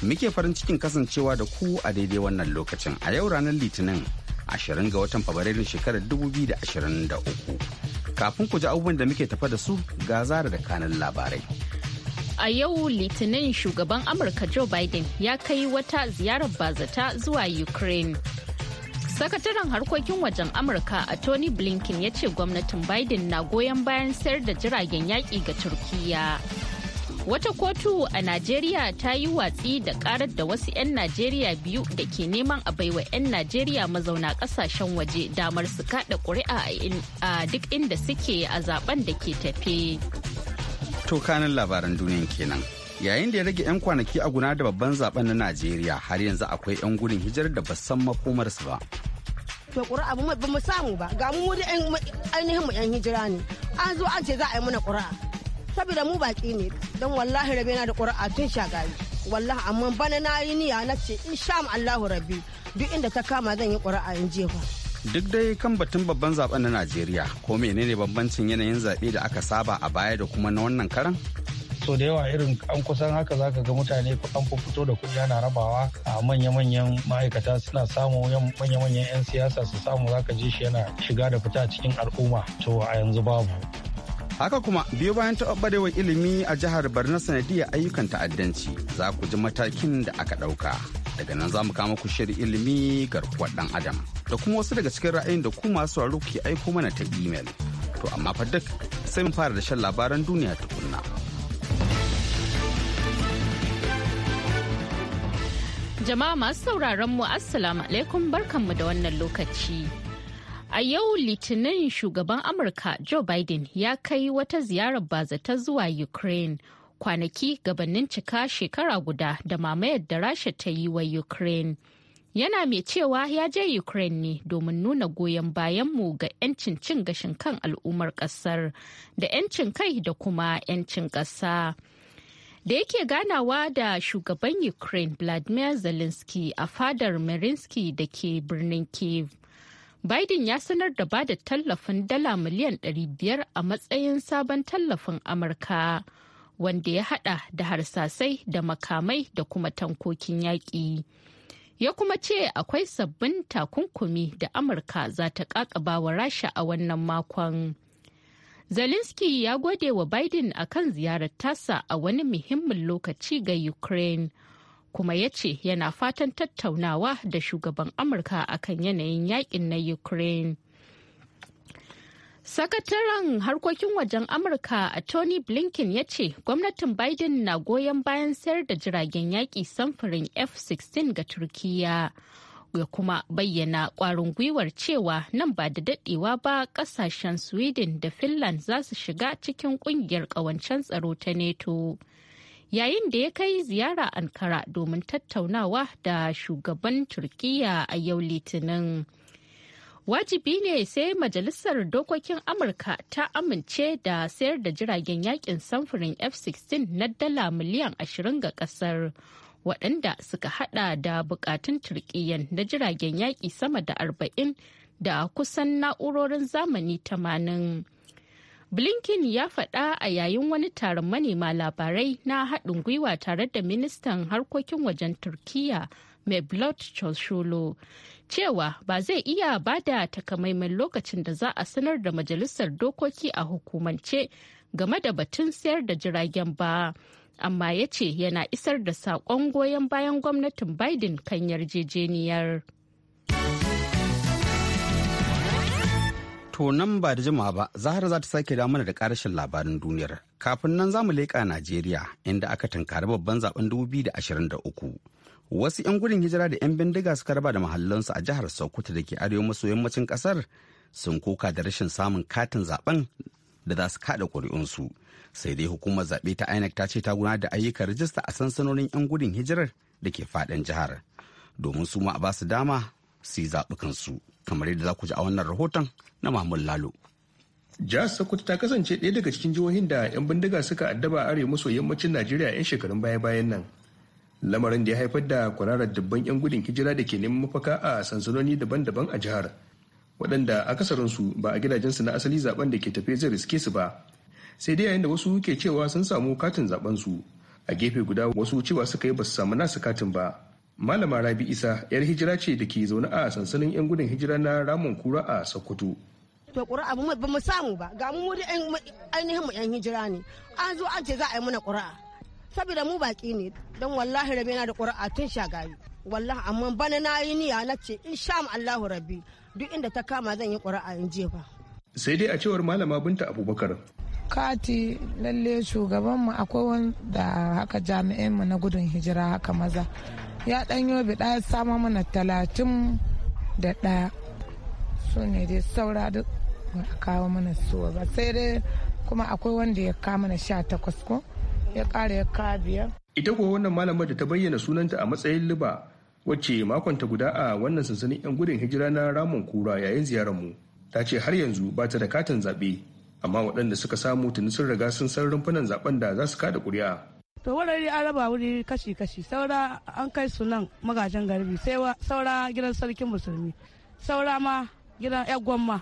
Muke farin cikin kasancewa da ku a daidai wannan lokacin a yau ranar Litinin 20 ga watan Fabrairun shekarar 2023. Kafin ku ji abubuwan da muke tafa da su ga zara da kanan labarai. a yau litinin shugaban amurka joe biden ya kai wata ziyarar bazata zuwa ukraine sakataren harkokin wajen amurka a tony blinken ya ce gwamnatin biden na goyon bayan sayar da jiragen yaƙi ga turkiyya Wata kotu a Najeriya ta yi watsi da karar da wasu 'yan Najeriya biyu da ke neman a baiwa 'yan Najeriya mazauna kasashen waje damar su kada ƙuri'a a duk inda suke a zaben da ke tafe. Tokanin labaran duniyan kenan. Yayin da ya rage 'yan kwanaki a guna da babban zaben na Najeriya har yanzu akwai 'yan gudun hijirar da ba san makomarsu ba. to ƙuri'a ba mu samu ba ga mu ainihin mu 'yan hijira ne an zo an ce za a yi mana ƙuri'a. saboda mu baki ne don wallahi rabi yana da ƙura'a tun shagari wallahi amma bana na yi niyya na ce in sha Allahu rabi duk inda ta kama zan yi ƙura'a in jefa duk dai kan batun babban zaben na Najeriya ko menene bambancin yanayin zaɓe da aka saba a baya da kuma na wannan karan so da yawa irin an kusan haka zaka ga mutane an fito da kuɗi ana rabawa a manya-manyan ma'aikata suna samu manya-manyan 'yan siyasa su samu zaka ji shi yana shiga da fita cikin al'umma to a yanzu babu haka kuma biyo bayan taɓarɓarewar ilimi a jihar barna sanadiyar ayyukan ta'addanci za ku ji matakin da aka ɗauka daga nan za mu kama ku shirin ilimi garkuwar ɗan adam da kuma wasu daga cikin ra'ayin da ku masu sauraro ke aiko mana ta imel to amma fa duk sai mu fara da shan labaran duniya tukunna. Jama'a masu sauraron mu Assalamu alaikum barkanmu da wannan lokaci. A yau Litinin shugaban Amurka Joe Biden ya kai wata ziyarar bazata zuwa Ukraine kwanaki gabanin cika shekara guda da mamayar da Rasha ta yi wa Ukraine. Yana mai cewa ya je Ukraine ne domin nuna goyon bayanmu ga 'yancin cin gashin kan al'ummar ƙasar da 'yancin kai da kuma 'yancin ƙasa. da yake ganawa da shugaban ukraine vladimir zelensky a fadar marinsky da ke birnin kiev Biden ya sanar da bada tallafin dala miliyan 500 a matsayin sabon tallafin Amurka wanda ya hada da harsasai da makamai da kuma tankokin yaƙi. Ya kuma ce akwai sabbin takunkumi da Amurka za ta kakaba wa Rasha a wannan makon. Zelensky ya gode wa Biden a kan ziyarar tasa a wani muhimmin lokaci ga Ukraine. kuma ya ce yana fatan tattaunawa da shugaban amurka akan yanayin yakin na ukraine Sakataren harkokin wajen Amurka a Tony Blinken ya ce gwamnatin Biden na goyon bayan sayar da jiragen yaƙi samfurin F-16 ga turkiya Ya kuma bayyana ƙwarin gwiwar cewa nan ba da daɗewa ba ƙasashen Sweden da Finland za su shiga cikin ƙungiyar ƙawancen tsaro ta NATO. yayin da ya kai ziyara ankara domin tattaunawa da shugaban turkiya a yau litinin wajibi ne sai majalisar dokokin amurka ta amince da sayar da jiragen yakin samfurin f-16 na dala miliyan 20 ga kasar waɗanda suka hada da bukatun turkiyyan na jiragen yaƙi sama da 40 da kusan na'urorin zamani 80 Blinken ya faɗa a yayin wani taron manema labarai na haɗin gwiwa tare da ministan harkokin wajen Turkiyya Mevlut Cavusoglu cewa ba zai iya ba da takamaiman lokacin da za a sanar da majalisar dokoki a hukumance game da batun sayar da jiragen ba. Amma ya ce yana isar da saƙon goyon bayan gwamnatin Biden kan yarjejeniyar. To nan ba da jimawa ba, Zahra za ta sake da mana da karashin labarin duniyar. Kafin nan za mu leƙa Najeriya, inda aka tunkari babban zaben 2023. Wasu 'yan gudun hijira da 'yan bindiga suka raba da mahallansu a jihar Sokoto da ke arewa maso yammacin ƙasar sun koka da rashin samun katin zaben da za su kada ƙuri'unsu. Sai dai hukumar zaɓe ta INEC ta ce ta gudanar da ayyukan rajista a sansanonin 'yan gudun hijirar da ke faɗin jihar. Domin su ma a ba su dama su yi zaɓukansu kamar yadda za ku ji a wannan rahoton na Mahmud Lalo. Jihar Sokoto ta kasance ɗaya daga cikin jihohin da 'yan bindiga suka addaba arewa maso yammacin Najeriya 'yan shekarun baya-bayan nan. Lamarin da ya haifar da kwararar dubban 'yan gudun hijira da ke neman mafaka a sansanoni daban-daban a jihar. Waɗanda akasarinsu ba a gidajensu na asali zaben da ke tafe zai riske su ba. Sai dai yayin da wasu ke cewa sun samu katin zaben su. A gefe guda wasu cewa suka yi ba su samu nasu katin ba. Malama Rabi Isa yar hijira ce da ke zaune a sansanin 'yan gudun hijira na Ramon Kura a Sokoto. To ƙura'a ba mu samu ba ga mu wuri ainihin mu 'yan hijira ne an zo an ce za a yi mana ƙura'a saboda mu baƙi ne don wallahi rabi yana da ƙura'a tun shagari wallahi amma bana na yi niyya na ce in sha Allahu rabi duk inda ta kama zan yi ƙura'a in ba Sai dai a cewar malama Binta Abubakar kati lalle shugabanmu akwai wanda haka jami'anmu na gudun hijira haka maza ya dan yobe daya sama mana talatin da ɗaya su ne dai saura duk ba kawo mana suwa ba sai dai kuma akwai wanda ya kawo mana sha takwas ko ya ƙara ya kawo biyar. ita kuwa wannan malamar da ta bayyana sunanta a matsayin liba wacce makonta guda a wannan sansanin 'yan gudun hijira na ramon kura yayin ziyarar mu ta ce har yanzu ba ta da katin zaɓe amma waɗanda suka samu tuni sun riga sun san rumfunan zaben da za su kada ƙuri'a to warari an raba wuri kashi-kashi saura an kai su nan magajin garbi sai saura gidan sarkin musulmi saura ma gidan yagon ma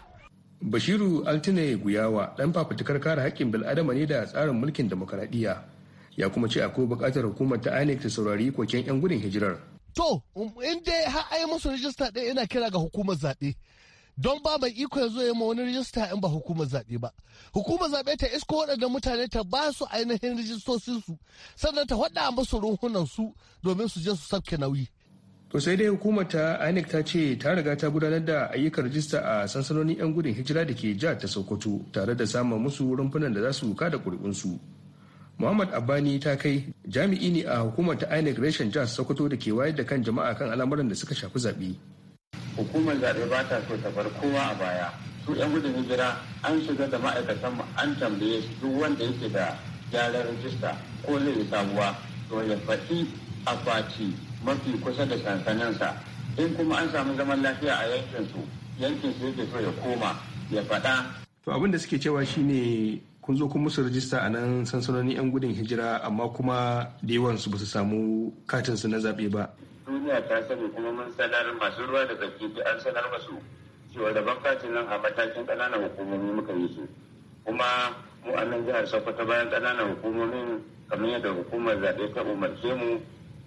bashiru altine guyawa dan fafutukar kare haƙƙin bil'adama ne da tsarin mulkin demokaradiyya ya kuma ce akwai buƙatar hukumar ta inec ta saurari koken yan gudun hijirar to um, in dai har ai musu rijista ɗaya ina kira ga hukumar zaɓe don ba mai iko ya zo ya ma wani rijista in ba hukumar zaɓe ba hukumar zaɓe ta isko waɗannan mutane ta ba su ainihin rijistocin su sannan ta faɗa musu ruhunan su domin su je su sabke nauyi to sai dai hukumar ta inec ta ce ta riga ta gudanar da ayyukan rajista a sansanonin 'yan gudun hijira da ke jihar ta sokoto tare da samun musu rumfunan da za su da su Muhammad Abani ta kai jami'i ne a hukumar ta INEC reshen jihar Sokoto da ke wayar da kan jama'a kan al'amuran da suka shafi zaɓe. hukumar zaɓe ba ta so ta bar kowa a baya su yan gudun hijira an shiga da ma'aikatan mu an tambaye su duk wanda yake da gyaran rajista ko zai yi sabuwa to ya faɗi akwati mafi kusa da sansaninsa in kuma an samu zaman lafiya a yankin su yankin su yake so ya koma ya faɗa. to abin da suke cewa shine kun zo kun musu rajista a nan sansanonin 'yan gudun hijira amma kuma da su ba su samu su na zaɓe ba duniya ta sani kuma mun sanar masu ruwa da tsaki an sanar masu cewa da bankatin nan a matakin ƙananan hukumomi muka yi su kuma mu a nan jihar sokoto bayan ƙananan hukumomin kamar yadda hukumar zaɓe ta umarce mu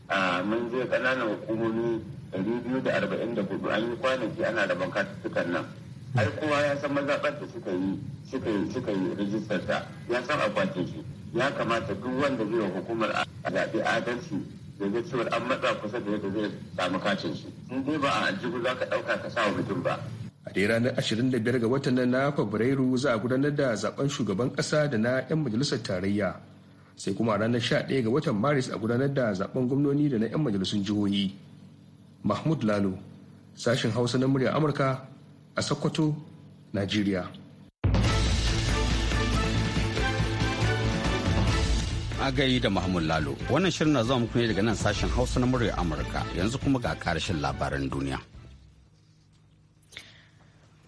a mun je ƙananan hukumomi ɗari biyu da arba'in da hudu an yi kwanaki ana da bankatukan nan har kowa ya san mazaɓar da suka yi suka yi suka yi rijistar ya san akwatin shi ya kamata duk wanda zai wa hukumar a zaɓe adalci zai saboda an matsa kusa da yadda zai samu kacin shi in dai ba a jibu za ka ɗauka ka sa wa mutum ba. a dai ranar 25 ga watan nan na fabrairu za a gudanar da zaben shugaban kasa da na 'yan majalisar tarayya sai kuma ranar 11 ga watan maris a gudanar da zaben gwamnoni da na 'yan majalisun jihohi mahmud lalo sashen hausa na murya amurka a sokoto nigeria. agai da Mahmud Lalo. Wannan shirin na zuwa muku ne daga nan sashen Hausa na murya Amurka yanzu kuma ga karshen labaran duniya.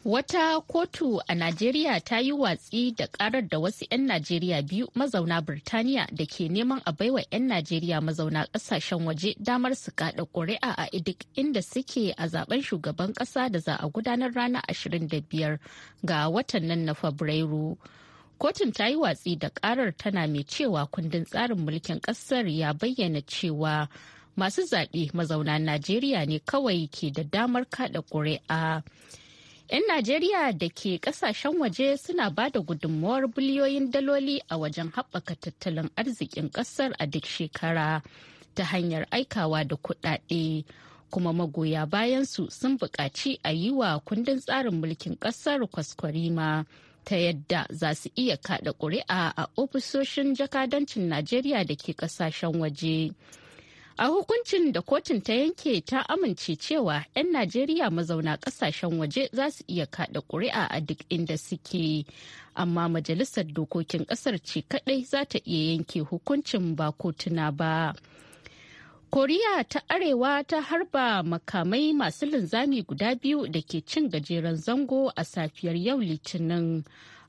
Wata kotu a Najeriya ta yi watsi da karar da wasu 'yan Najeriya biyu mazauna Birtaniya da ke neman a baiwa 'yan Najeriya mazauna kasashen waje damar su kada ƙuri'a a iduk inda suke a zaben shugaban ƙasa da za a gudanar ranar 25 ga watan nan na Fabrairu. kotun ta yi watsi da karar tana mai cewa kundin tsarin mulkin kasar ya bayyana cewa masu zaɓe mazauna najeriya ne kawai ke da damar kaɗa ƙuri'a. 'yan najeriya da ke ƙasashen waje suna ba da gudunmawar biliyoyin daloli a wajen haɓaka tattalin arzikin ƙasar a duk shekara ta hanyar aikawa da kuɗaɗe kuma magoya bayansu sun buƙaci a yi wa kundin tsarin mulkin ƙasar kwaskwarima ta yadda za su iya kada ƙuri'a a ofisoshin jakadancin Najeriya da ke ƙasashen waje. A hukuncin da kotun ta yanke ta amince cewa 'yan Najeriya mazauna ƙasashen waje za su iya kada ƙuri'a a duk inda suke, amma Majalisar Dokokin ƙasar ce kaɗai za ta iya yanke hukuncin ba kotuna ba. koriya ta arewa ta harba makamai masu linzami guda biyu da ke cin gajeren zango a safiyar yau litinin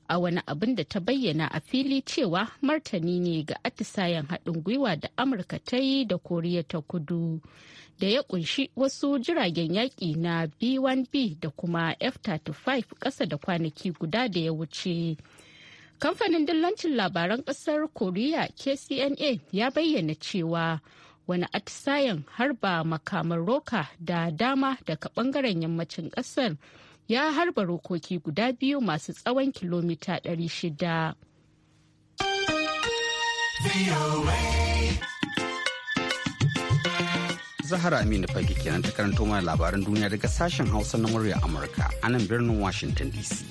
a wani abin da ta bayyana a fili cewa martani ne ga atisayen haɗin gwiwa da amurka ta yi da koriya ta kudu da ya kunshi wasu jiragen yaƙi na b1b da kuma f-35 ƙasa da kwanaki guda da ya wuce kamfanin dillancin labaran ƙasar koriya kcna ya bayyana cewa wani atisayen harba makamar roka da dama daga bangaren yammacin kasar ya harba rokoki guda biyu masu tsawon kilomita 600 Zahara Aminu fage kenan ta karanto mana labaran duniya daga sashen Hausa na murya Amurka a nan birnin Washington DC.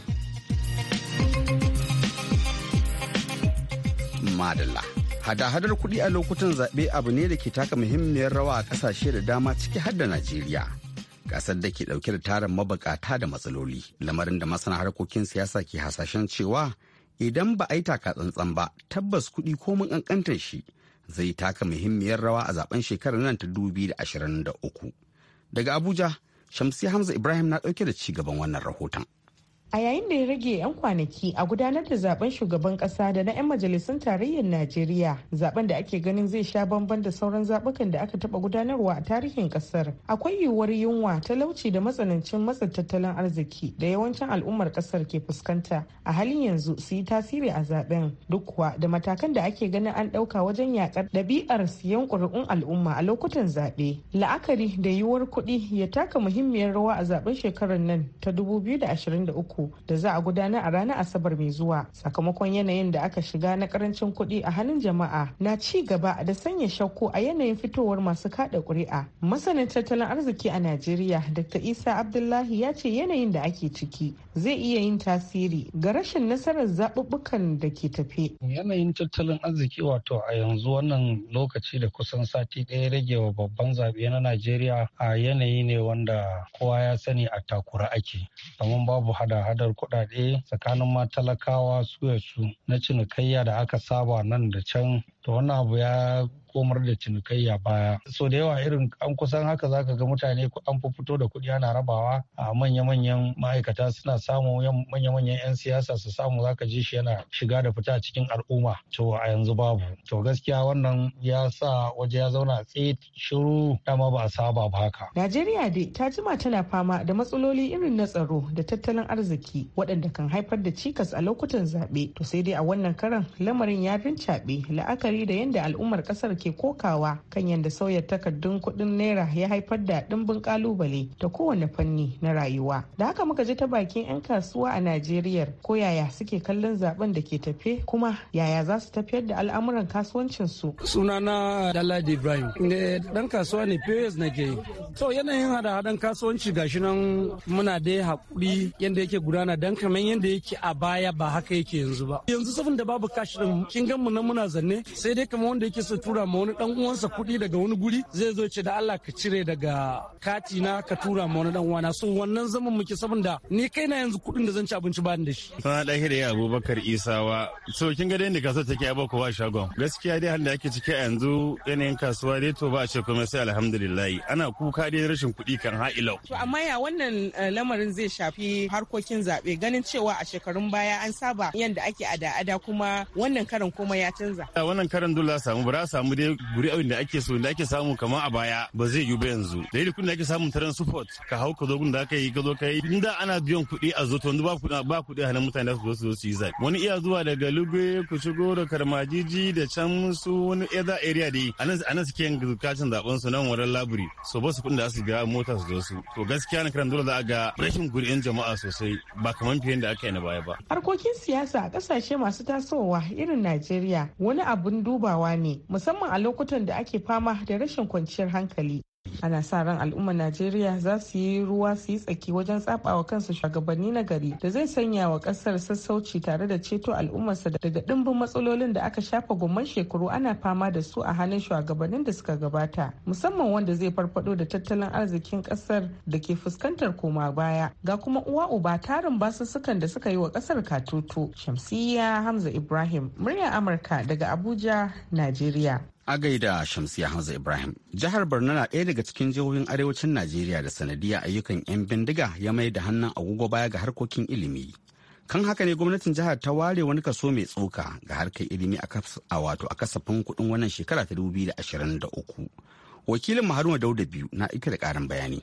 Madalla. hada-hadar kuɗi a lokutan zaɓe abu ne da ke taka muhimmiyar rawa a ƙasashe da dama ciki har da najeriya ƙasar da ke ɗauke da tarin mabukata da matsaloli lamarin da masana harkokin siyasa ke hasashen cewa idan ba a yi taka tsantsan ba tabbas kuɗi ko mun ƙanƙantar shi zai taka muhimmiyar rawa a zaben shekarar nan ta uku. daga abuja shamsi hamza ibrahim na ɗauke da ci gaban wannan rahoton a yayin da ya rage 'yan kwanaki a gudanar da zaben shugaban kasa da na 'yan majalisun tarayyar najeriya zaben da ake ganin zai sha bamban da sauran zabukan da aka taba gudanarwa a tarihin kasar akwai yiwuwar yunwa talauci da matsanancin matsa tattalin arziki da yawancin al'ummar kasar ke fuskanta a halin yanzu su yi tasiri a zaben duk kuwa da matakan da ake ganin an ɗauka wajen yakar ɗabi'ar siyan ƙuri'un al'umma a lokutan zaɓe la'akari da yiwuwar kuɗi ya taka muhimmiyar rawa a zaben shekarar nan ta 2023 da za a gudanar a ranar asabar mai zuwa sakamakon yanayin da aka shiga na karancin kuɗi a hannun jama'a na ci gaba da sanya shakku a yanayin fitowar masu kada ƙuri'a masanin tattalin arziki a najeriya dr isa abdullahi ya ce yanayin da ake ciki zai iya yin tasiri ga rashin nasarar zaɓuɓɓukan da ke tafe yanayin tattalin arziki wato a yanzu wannan lokaci da kusan sati ɗaya rage wa babban zaɓe na najeriya a yanayi ne wanda kowa ya sani a takura ake domin babu hada hadar kuɗaɗe tsakanin matalakawa su su na cinikayya da aka saba nan da can to wannan abu ya komar da cinikayya baya so da yawa irin an kusan haka zaka ga mutane an fi fito da kuɗi ana rabawa a manya-manyan ma'aikata suna samu manya-manyan 'yan siyasa su samu zaka ji shi yana shiga da fita cikin al'umma to a yanzu babu to gaskiya wannan ya sa waje ya zauna tsaye shiru dama ba a saba ba haka najeriya dai ta jima tana fama da matsaloli irin na tsaro da tattalin arziki waɗanda kan haifar da cikas a lokutan zaɓe to sai dai a wannan karan lamarin ya caɓe, la'akari la'akari da yadda al'ummar kasar ke kokawa kan yadda sauya takardun kuɗin naira ya haifar da ɗimbin kalubale ta kowane fanni na rayuwa da haka muka ji ta bakin 'yan kasuwa a najeriya ko yaya suke kallon zaben da ke tafe kuma yaya za su tafiyar da al'amuran kasuwancin su sunana dalaji ibrahim dan kasuwa ne pos na ke so yanayin hada hadan kasuwanci gashi nan muna dai haƙuri yadda yake gudana dan kamar yadda yake a baya ba haka yake yanzu ba yanzu saboda babu kashi din kin gan mu nan muna zanne sai dai kamar wanda yake so tura ma wani dan uwansa kuɗi daga wani guri zai zo ce da Allah ka cire daga kati na ka tura ma wani dan uwana so wannan zaman muke saboda ni kai na yanzu kuɗin da zan ci abinci ba da shi sana dan hira ya Abubakar Isawa so kin ga dai kasuwa take ba kowa shagon gaskiya dai halin da ake ciki a yanzu yanayin kasuwa dai to ba a ce komai sai alhamdulillah ana kuka dai rashin kuɗi kan ha'ilau to amma ya wannan eh, lamarin zai shafi harkokin zabe ganin cewa a shekarun baya an saba yanda ake ada ada kuma wannan karan komai ya canza wannan karan dole samu ba za samu dai abin da ake so da ake samu kamar a baya ba zai yiwu ba yanzu da yadda kudin da ake samun taron support ka hau ka zo gun da aka yi ka zo ka yi inda ana biyan kuɗi a zo to ba kuɗi ba kuɗi hannun mutane da su zo su yi zai wani iya zuwa daga lugbe ku shigo da karmajiji da can su wani eza area dai anan anan suke yin zukacin zaben su nan wurin laburi so ba su kuɗin da su ga mota su zo su to gaskiya na karan dole za a ga rashin guri'in jama'a sosai ba kamar fiye da aka yi na baya ba harkokin siyasa a kasashe masu tasowa irin Najeriya wani abun dubawa ne musamman a lokutan da ake fama da rashin kwanciyar hankali ana sa ran al'ummar najeriya za su yi ruwa su yi tsaki wajen tsabawa kansu shugabanni na gari da zai sanya wa kasar sassauci tare da ceto al'ummarsa daga dimbin matsalolin da aka shafa gomman shekaru ana fama da su a hannun shugabannin da suka gabata musamman wanda zai farfado da tattalin arzikin kasar da ke fuskantar koma baya ga kuma uwa uba tarin basussukan da suka yi wa kasar katoto shamsiyya hamza ibrahim murya amurka daga abuja najeriya A gaida Shamsiya Hamza Ibrahim, jihar Borno na ɗaya daga cikin jihohin arewacin Najeriya da sanadiyya ayyukan 'yan bindiga ya mai da hannun agogo baya ga harkokin ilimi. Kan haka ne gwamnatin jihar ta ware wani kaso mai tsoka ga harkar ilimi a wato a kasafin kuɗin wannan shekara ta uku. Wakilin Haruna Dauda biyu na ike da ƙarin bayani.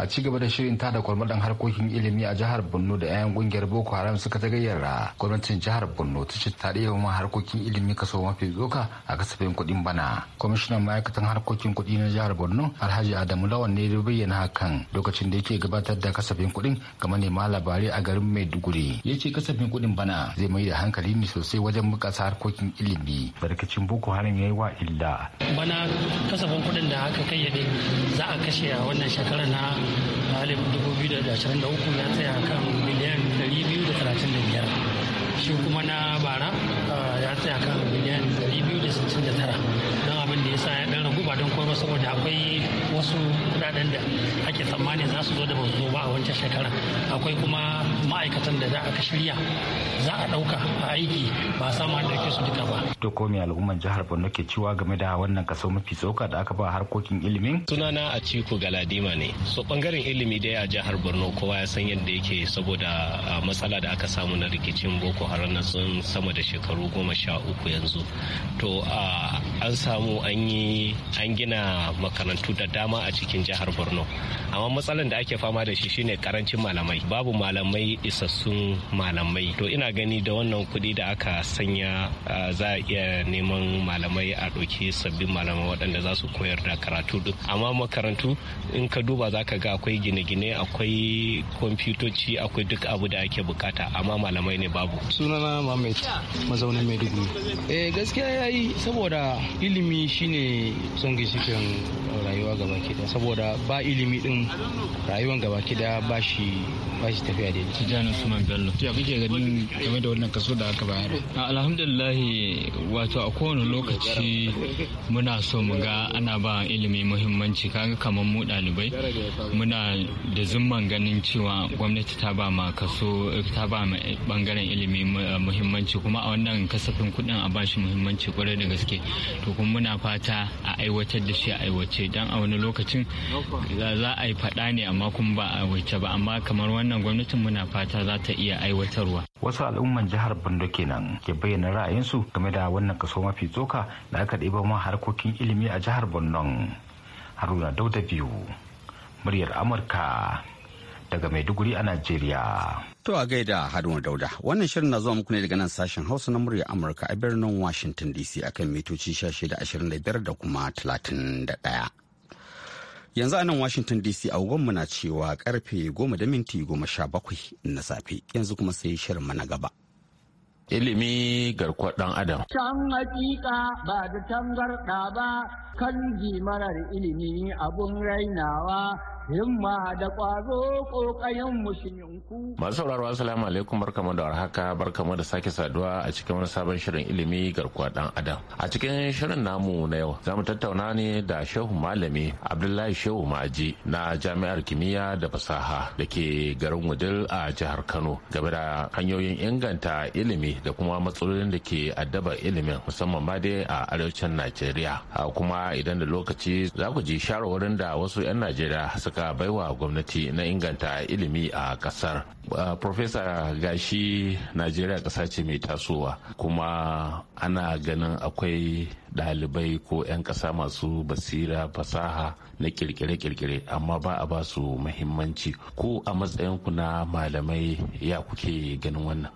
a ci gaba da shirin tada kwalmadan harkokin ilimi a jihar borno da 'yan kungiyar boko haram suka ta gayyara gwamnatin jihar borno ta ce ta ɗaya ma harkokin ilimi kaso mafi tsoka a kasafin kuɗin bana kwamishinan ma'aikatan harkokin kuɗi na jihar borno alhaji adamu lawan ne da bayyana hakan lokacin da yake gabatar da kasafin kuɗin ga manema labarai a garin maiduguri ya ce kasafin kuɗin bana zai mai da hankali ne sosai wajen bukasa harkokin ilimi barkacin boko haram ya yi wa illa bana kasafin kuɗin da aka kayyade za a kashe a wannan shekarar na a 2023 ya tsaya kan miliyan 235 shi kuma na bara ya tsaya kan miliyan 269 don abin da ya sa ya dan ragu ba don kuma saboda akwai wasu kudaden da ake tsammani za su zo da ba zo ba a wancan shekara akwai kuma ma'aikatan da za a shirya za a ɗauka a aiki ba samu da su duka ba. To ko me al'umman jihar Borno ke ciwa game da wannan kaso mafi tsoka da aka ba harkokin ilimin? Sunana a Ciku Galadima ne. So bangaren ilimi dai a jihar Borno kowa ya san yadda yake saboda matsala da aka samu na rikicin Boko Haram na sun sama da shekaru goma sha uku yanzu. To an samu an yi an gina makarantu da dama dama a cikin jihar borno amma matsalan da ake fama da shi shine karancin malamai babu malamai isassun malamai to ina gani da wannan kuɗi da aka sanya za a iya neman malamai a ɗauki sabbin malamai waɗanda za su koyar da karatu duk amma makarantu in ka duba za ka ga akwai gine-gine akwai kwamfutoci akwai duk abu da ake bukata amma malamai ne babu sunana mohammed mazaunin maiduguri eh gaskiya yi saboda ilimi shine son gishikin rayuwa gabaki da saboda ba ilimi din rayuwar gabaki da ba shi ba shi tafiya da suman bello ya kake ganin game da wannan kaso da aka bayar alhamdulillah wato a kowane lokaci muna so mu ga ana ba ilimi muhimmanci kaga kamar mu dalibai muna da zumman ganin cewa gwamnati ta ba ma kaso ta ba ma bangaren ilimi muhimmanci kuma a wannan kasafin kuɗin a ba shi muhimmanci kwarai da gaske to kuma muna fata a aiwatar da shi a aiwace dan a wani lokacin za a yi faɗa ne amma kuma ba a wuce ba amma kamar wannan gwamnatin muna fata za ta iya aiwatarwa wasu al'umman jihar Bando kenan ke bayyana ra'ayinsu game da wannan kaso mafi tsoka da aka ɗiba ma harkokin ilimi a jihar Borno Haruna Dauda biyu muryar Amurka daga Maiduguri a Najeriya to a gaida Haruna Dauda wannan shirin na zuwa muku ne daga nan sashen Hausa na muryar Amurka a birnin Washington DC akan mitoci 25 da kuma 31 yanzu a nan washington dc agogonmu na cewa karfe goma da minti goma sha bakwai na safe yanzu kuma sai shirin mana gaba ilimi garkuwar ɗan adam. Can hakika ba da tangarɗa ba kan marar ilimi abun rainawa himma da ƙwazo ƙoƙayen musulunku. Masu sauraro assalamu alaikum barkamu da warhaka barkamu da sake saduwa a cikin wani sabon shirin ilimi garkuwa ɗan adam. A cikin shirin namu na yau zamu tattauna ne da Shehu Malami Abdullahi Shehu Maji na Jami'ar Kimiyya da Fasaha da ke garin Wudil a jihar Kano game da hanyoyin inganta ilimi da kuma matsalolin da ke addaba ilimin musamman ma dai a arewacin najeriya kuma idan da lokaci za ku ji shawarwarin da wasu 'yan najeriya suka baiwa gwamnati na inganta ilimi a kasar profesa gashi najeriya kasa ce mai tasowa kuma ana ganin akwai dalibai ko 'yan ƙasa masu basira fasaha na kirkire-kirkire amma ba a ba su muhimmanci ko a matsayinku na malamai ya kuke ganin wannan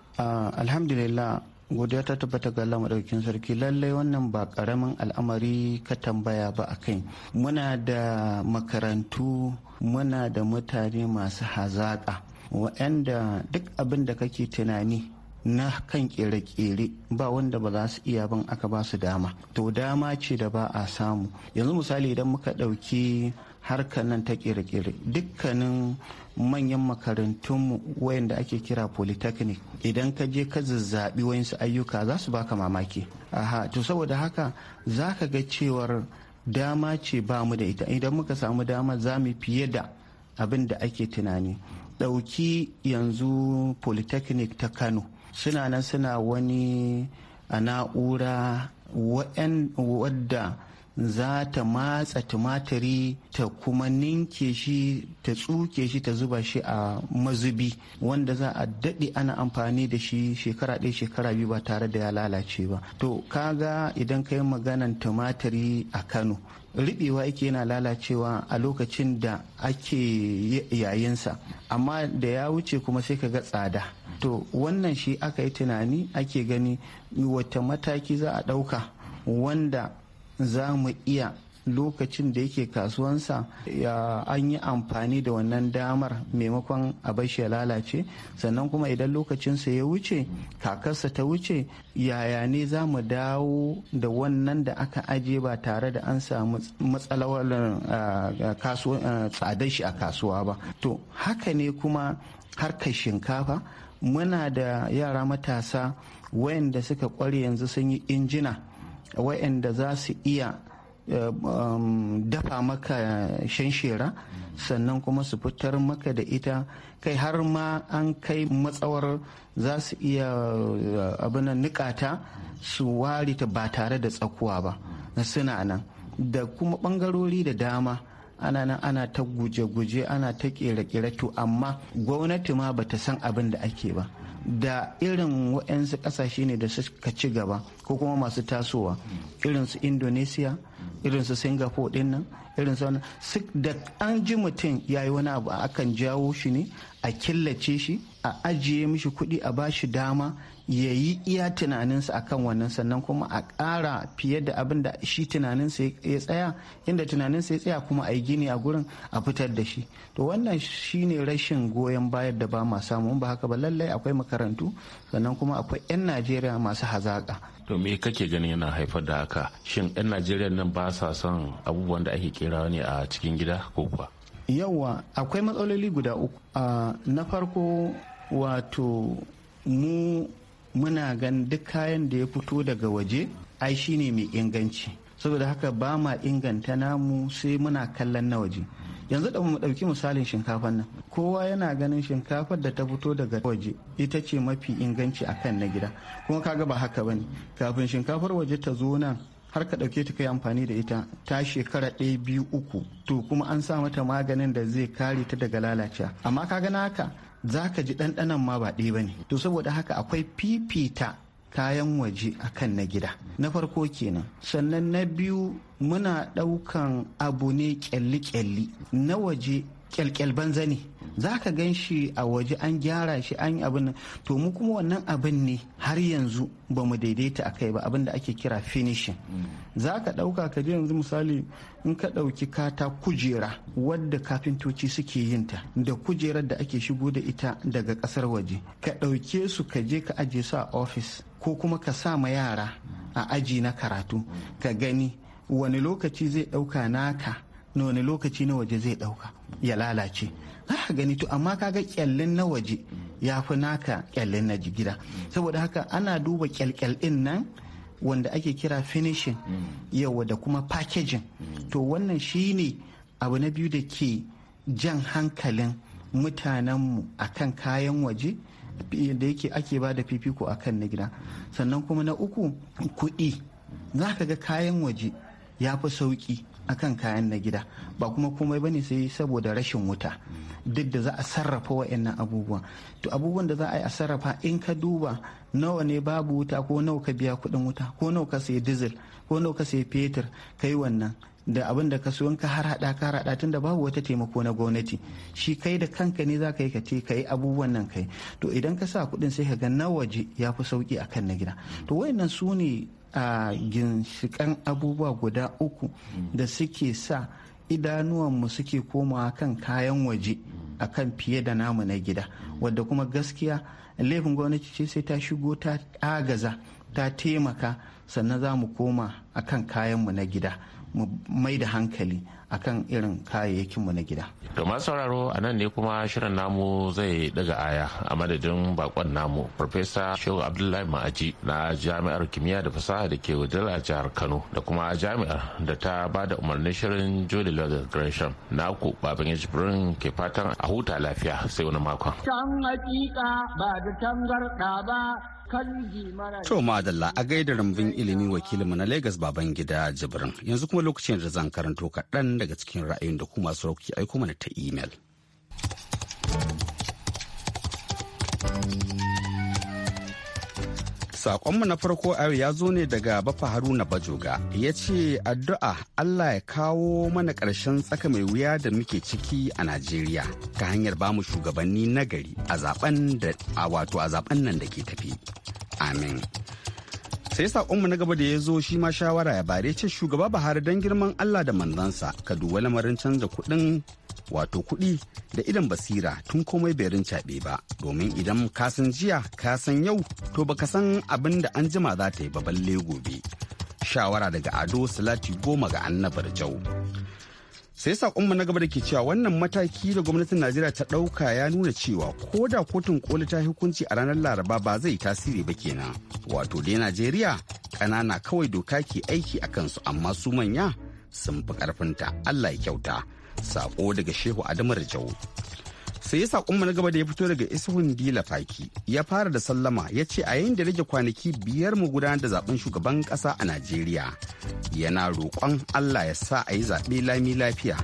alhamdulillah godiya ta tabbata ga Allah madaukakin sarki lallai wannan ba karamin al'amari ka tambaya ba a kai muna da makarantu muna da mutane masu hazaƙa wa'anda duk abin da kake tunani na kan kere-kere ba wanda ba za su iya ban aka ba su dama to dama ce da ba a samu yanzu misali idan muka ɗauki harkar nan ta kere-kere dukkanin manyan makarantunmu wayanda ake kira polytechnic idan ka je ka zazzabi wayansu ayyuka za su baka mamaki aha to saboda haka za ka ga cewar dama ce ba mu da ita idan muka samu dama za mu fiye da abin da ake tunani ɗauki yanzu polytechnic ta kano suna nan suna wani a na'ura wadda za ta matsa tumatiri ta kuma ninke shi ta tsuke shi ta zuba shi a mazubi wanda za a daɗe ana amfani da shi shekara ɗaya shekara biyu ba tare da ya lalace ba to kaga idan ka yi maganan tumatiri a kano riɓewa yake yana lalacewa a lokacin da ake yayinsa amma da ya wuce kuma sai ka ga tsada to wannan shi aka yi tunani ake gani wata mataki za a ɗauka wanda za mu iya lokacin da yake kasuwansa an yi amfani da wannan damar maimakon a shi ya lalace sannan kuma idan lokacinsa ya wuce kakarsa ta wuce yaya ne za mu dawo da wannan da aka aje ba tare da an samu matsalawar tsadar shi a kasuwa ba to haka ne kuma harkar shinkafa muna da yara matasa wayanda suka kware yanzu sun yi injina wayanda za su iya eh, um, dafa maka shanshera sannan kuma su fitar maka da ita kai har ma an kai matsawar za su iya eh, abin nukata su ware ta ba tare da tsakuwa ba suna nan da kuma bangarori da dama ana nan ana ta guje-guje ana ta kere-kere to amma gwamnati ma bata san abin da ake ba da irin waɗansu ƙasashe ne da suka ci gaba ko kuma masu tasowa irin su indonesia irin su singapore din nan irin su da an ji mutum ya yi wani abu a akan jawo shi ne a killace shi a ajiye mishi kuɗi a ba shi dama ya yi iya tunaninsa a kan wannan sannan kuma a ƙara fiye da abin da shi tunaninsa ya tsaya inda tunaninsa ya tsaya kuma a yi gini a gurin a fitar da shi to wannan shi ne rashin goyon bayar da ba ma samu ba haka ba lallai akwai makarantu sannan kuma akwai 'yan najeriya masu hazaƙa to me kake ganin yana haifar da haka shin 'yan najeriya nan ba sa son abubuwan da ake kera ne a cikin gida ko kuwa yawa akwai matsaloli guda uku na farko wato mu muna gan duk kayan da ya fito daga waje ai shine mai inganci saboda haka ba ma inganta namu sai muna kallon na waje yanzu da mu ɗauki misalin shinkafan nan kowa yana ganin shinkafar da ta fito daga waje ita ce mafi inganci a kan na gida kuma kaga ba haka bane kafin shinkafar waje ta zo nan har ka ɗauke ta kai amfani da ita ta shekara ɗaya biyu uku to kuma an sa mata maganin da zai kare ta daga lalacewa amma kaga na haka za ka ji ɗanɗanan ma ba ɗaya ba ne to saboda haka akwai fifita kayan waje a kan na gida na farko kenan sannan na biyu muna daukan abu ne kyalli-kyalli na waje kyalkyal banza ne za ka gan shi a waje an gyara shi an yi abin to mu kuma wannan abin ne har yanzu ba mu daidaita a kai ba abin da ake kira finishin. za ka ɗauka ka yanzu misali in ka ɗauki kata kujera wadda kafintoci suke yinta da kujerar da ake shigo da ita daga ƙasar waje ka ɗauke su ka je ka aje su a ofis ko kuma ka sa ma yara a aji na karatu ka gani wani lokaci zai ɗauka naka na wani lokaci na waje zai ɗauka ya lalace za gani to amma ka ga kyallin na waje ya fi naka kyallin na gida saboda haka ana duba kyalkyal ɗin nan wanda ake kira finishing yawa da kuma packaging to wannan shine abu na biyu da ke jan hankalin mutanenmu a kan kayan waje da yake ake ba da fifiko a kan na gida sannan kuma na uku kuɗi za ka ga kayan waje ya fi sauƙi kan kayan na gida ba kuma komai ba ne sai saboda rashin wuta duk da za a sarrafa wa'annan abubuwa to abubuwan da za a yi a sarrafa in ka duba nawa ne babu wuta ko nawa ka biya kuɗin wuta ko nawa ka sayi dizil ko nawa ka sayi fetur kai wannan da abin da kasuwanka har hada ka hada tunda babu wata taimako na gwamnati shi kai da kanka ne zaka yi ka ce kai abubuwan nan kai to idan ka sa kuɗin sai ka ga na waje ya fi sauki akan na gida to wayannan su ne a ginshikan abubuwa guda uku da suke sa idanuwanmu suke komawa kan kayan waje a kan fiye da namu na gida wadda kuma gaskiya laifin gwamnati ce sai ta shigo ta agaza ta taimaka sannan za mu koma a kan kayanmu na gida mu mai da hankali a kan irin kayayyakinmu na gida. To masu sauraro a nan ne kuma shirin namu zai daga aya a madadin bakon namu Profesa Shehu Abdullahi Ma'aji na Jami'ar Kimiyya da Fasaha da ke wajen a jihar Kano da kuma jami'ar da ta ba da umarnin shirin Jody Lagos Gresham na ku babin Jibrin ke fatan a huta lafiya sai wani makon. Can hakika ba da tangarda ba To Madalla a gaida rambin ilimi wakilinmu na Legas baban gida Jibrin. Yanzu kuma lokacin da zan karanto kaɗan daga cikin ra'ayin da kuma masu rauki aiko mana ta imel. Sakonmu na farko a ya zo ne daga Bafa Haruna Bajoga ya ce addu'a Allah ya kawo mana ƙarshen tsaka mai wuya da muke ciki a Najeriya ta hanyar bamu shugabanni nagari a zaben wato a zaben nan da ke tafi. amin sai saƙonmu na gaba da ya zo shi ma shawara ya bare ce shugaba buhari don girman allah da manzansa ka duba lamarin canza kuɗin wato kuɗi da idan basira tun komai bai rincaɓe ba domin idan ka san jiya ka san yau to baka san abin da an jima za ta yi ba balle gobe shawara daga ado salati goma ga annabar jau sai mu na gaba da ke cewa wannan mataki da gwamnatin najeriya ta ɗauka ya nuna cewa ko da kotun koli ta hukunci a ranar laraba ba zai tasiri ba kenan wato dai najeriya ƙanana kawai doka ke aiki a kansu amma su manya sun fi ƙarfinta allah ya kyauta sako daga shehu adamu rajau sai ya saƙon na gaba da ya fito daga isuhun dila faki ya fara da sallama ya ce a yayin da rage kwanaki biyar mu gudanar da zaben shugaban ƙasa a najeriya yana roƙon allah ya sa a yi zaɓe lami lafiya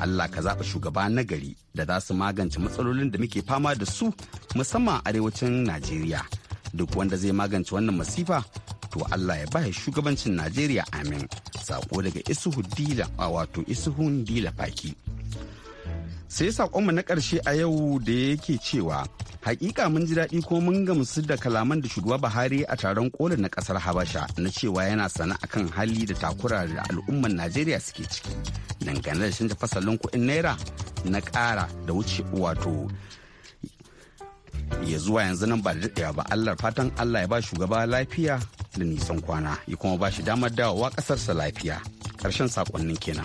allah ka zaɓa shugaba na gari da za su magance matsalolin da muke fama da su musamman arewacin najeriya duk wanda zai magance wannan masifa to Allah ya baya shugabancin Najeriya amin. saƙo daga Isuhu Dila a wato Isuhun Dila Faki. sai saƙonmu na ƙarshe a yau da yake cewa hakika mun ji daɗi ko mun gamsu da kalaman da shugaba buhari a taron kolin na ƙasar habasha na cewa yana sana kan hali da takura da al'ummar najeriya suke ciki dangane da shin fasalin kuɗin naira na ƙara da wuce wato ya zuwa yanzu nan ba da daɗewa ba allah fatan allah ya ba shugaba lafiya da nisan kwana ya kuma ba shi damar dawowa ƙasarsa lafiya ƙarshen saƙonnin kenan.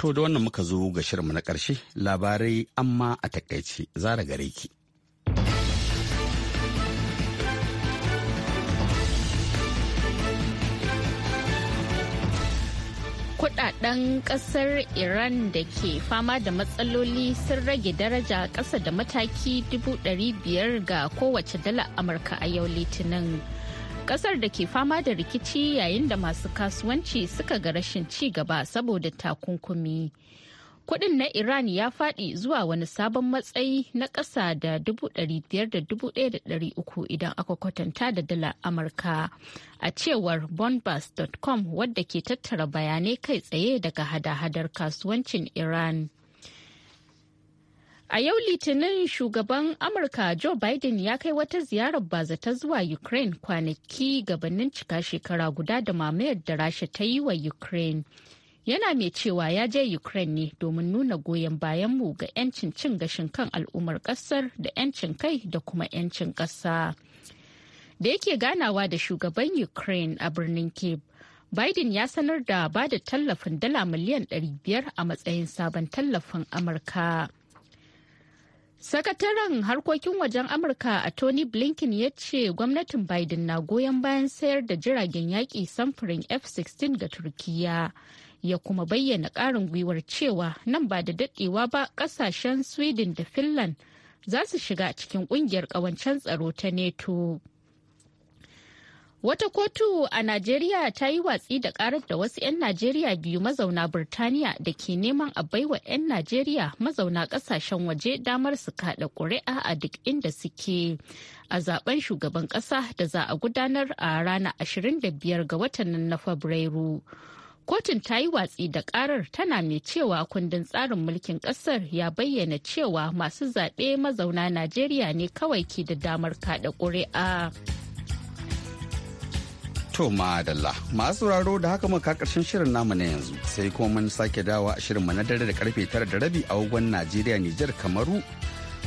To da wannan muka zo ga shirinmu na ƙarshe labarai amma a takaice zara gare ki. kudaden kasar iran da ke fama da matsaloli sun rage daraja kasa da mataki 500 ga kowace dala amurka a yau litinin Kasar da ke fama da rikici yayin da masu kasuwanci suka ga rashin ci gaba saboda takunkumi. Kudin na Iran ya fadi zuwa wani sabon matsayi na ƙasa da 500,300 idan aka kwatanta da dala Amurka. A cewar bonbas.com wadda ke tattara bayanai kai tsaye daga hada-hadar kasuwancin Iran. A yau Litinin shugaban Amurka Joe Biden ya kai wata ziyarar bazata zuwa Ukraine kwanaki gabanin cika shekara guda da mamayar da Rasha ta yi wa Ukraine. Yana mai cewa ya je Ukraine ne domin nuna goyon bayanmu ga 'yancin cin gashin kan al'ummar ƙasar da 'yancin kai da kuma 'yancin ƙasa. Da yake ganawa da shugaban Ukraine a birnin Cape, Biden ya sanar da ba da tallafin dala miliyan 500 a matsayin sabon tallafin Amurka. Sakataren harkokin wajen Amurka a Tony Blinken ya ce gwamnatin Biden na goyon bayan sayar da jiragen yaƙi samfurin F-16 ga Turkiyya. Ya kuma bayyana ƙarin gwiwar cewa nan ba da daɗewa ba ƙasashen Sweden da Finland za su shiga cikin ƙungiyar ƙawancen tsaro ta NATO. Wata kotu a Najeriya ta yi watsi da karar da wasu 'yan Najeriya biyu mazauna Burtaniya da ke neman a baiwa 'yan Najeriya mazauna kasashen waje damar su kaɗa ƙuri'a a duk inda suke a zaben shugaban ƙasa da za a gudanar a ranar 25 ga watan na Fabrairu. kotun ta yi watsi da karar tana mai cewa kundin tsarin mulkin kasar ya bayyana cewa masu zaɓe mazauna najeriya ne kawai ke da damar kaɗa ƙuri'a. To madalla masu sauraro da haka muka karshen shirin namu na yanzu sai kuma mun sake dawa a shirin na dare da karfe tara da rabi a wagon Najeriya Nijar Kamaru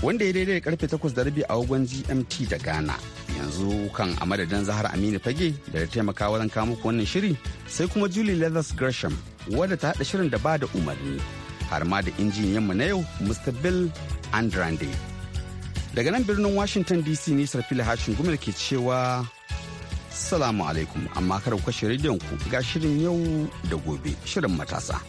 wanda ya daidai da karfe takwas da rabi a wagon GMT da Ghana. Yanzu kan a madadin Zahar Aminu Fage da ta taimaka wajen kawo muku wannan shiri sai kuma Julie Leathers Gresham wadda ta haɗa shirin da ba da umarni har ma da injiniyan mu na yau Mr. Bill Andrande. Daga nan birnin Washington DC ne Sarfila Hashin Gumel ke cewa Salamu alaikum amma kar ku kashe rediyon ku ga shirin yau da gobe shirin matasa.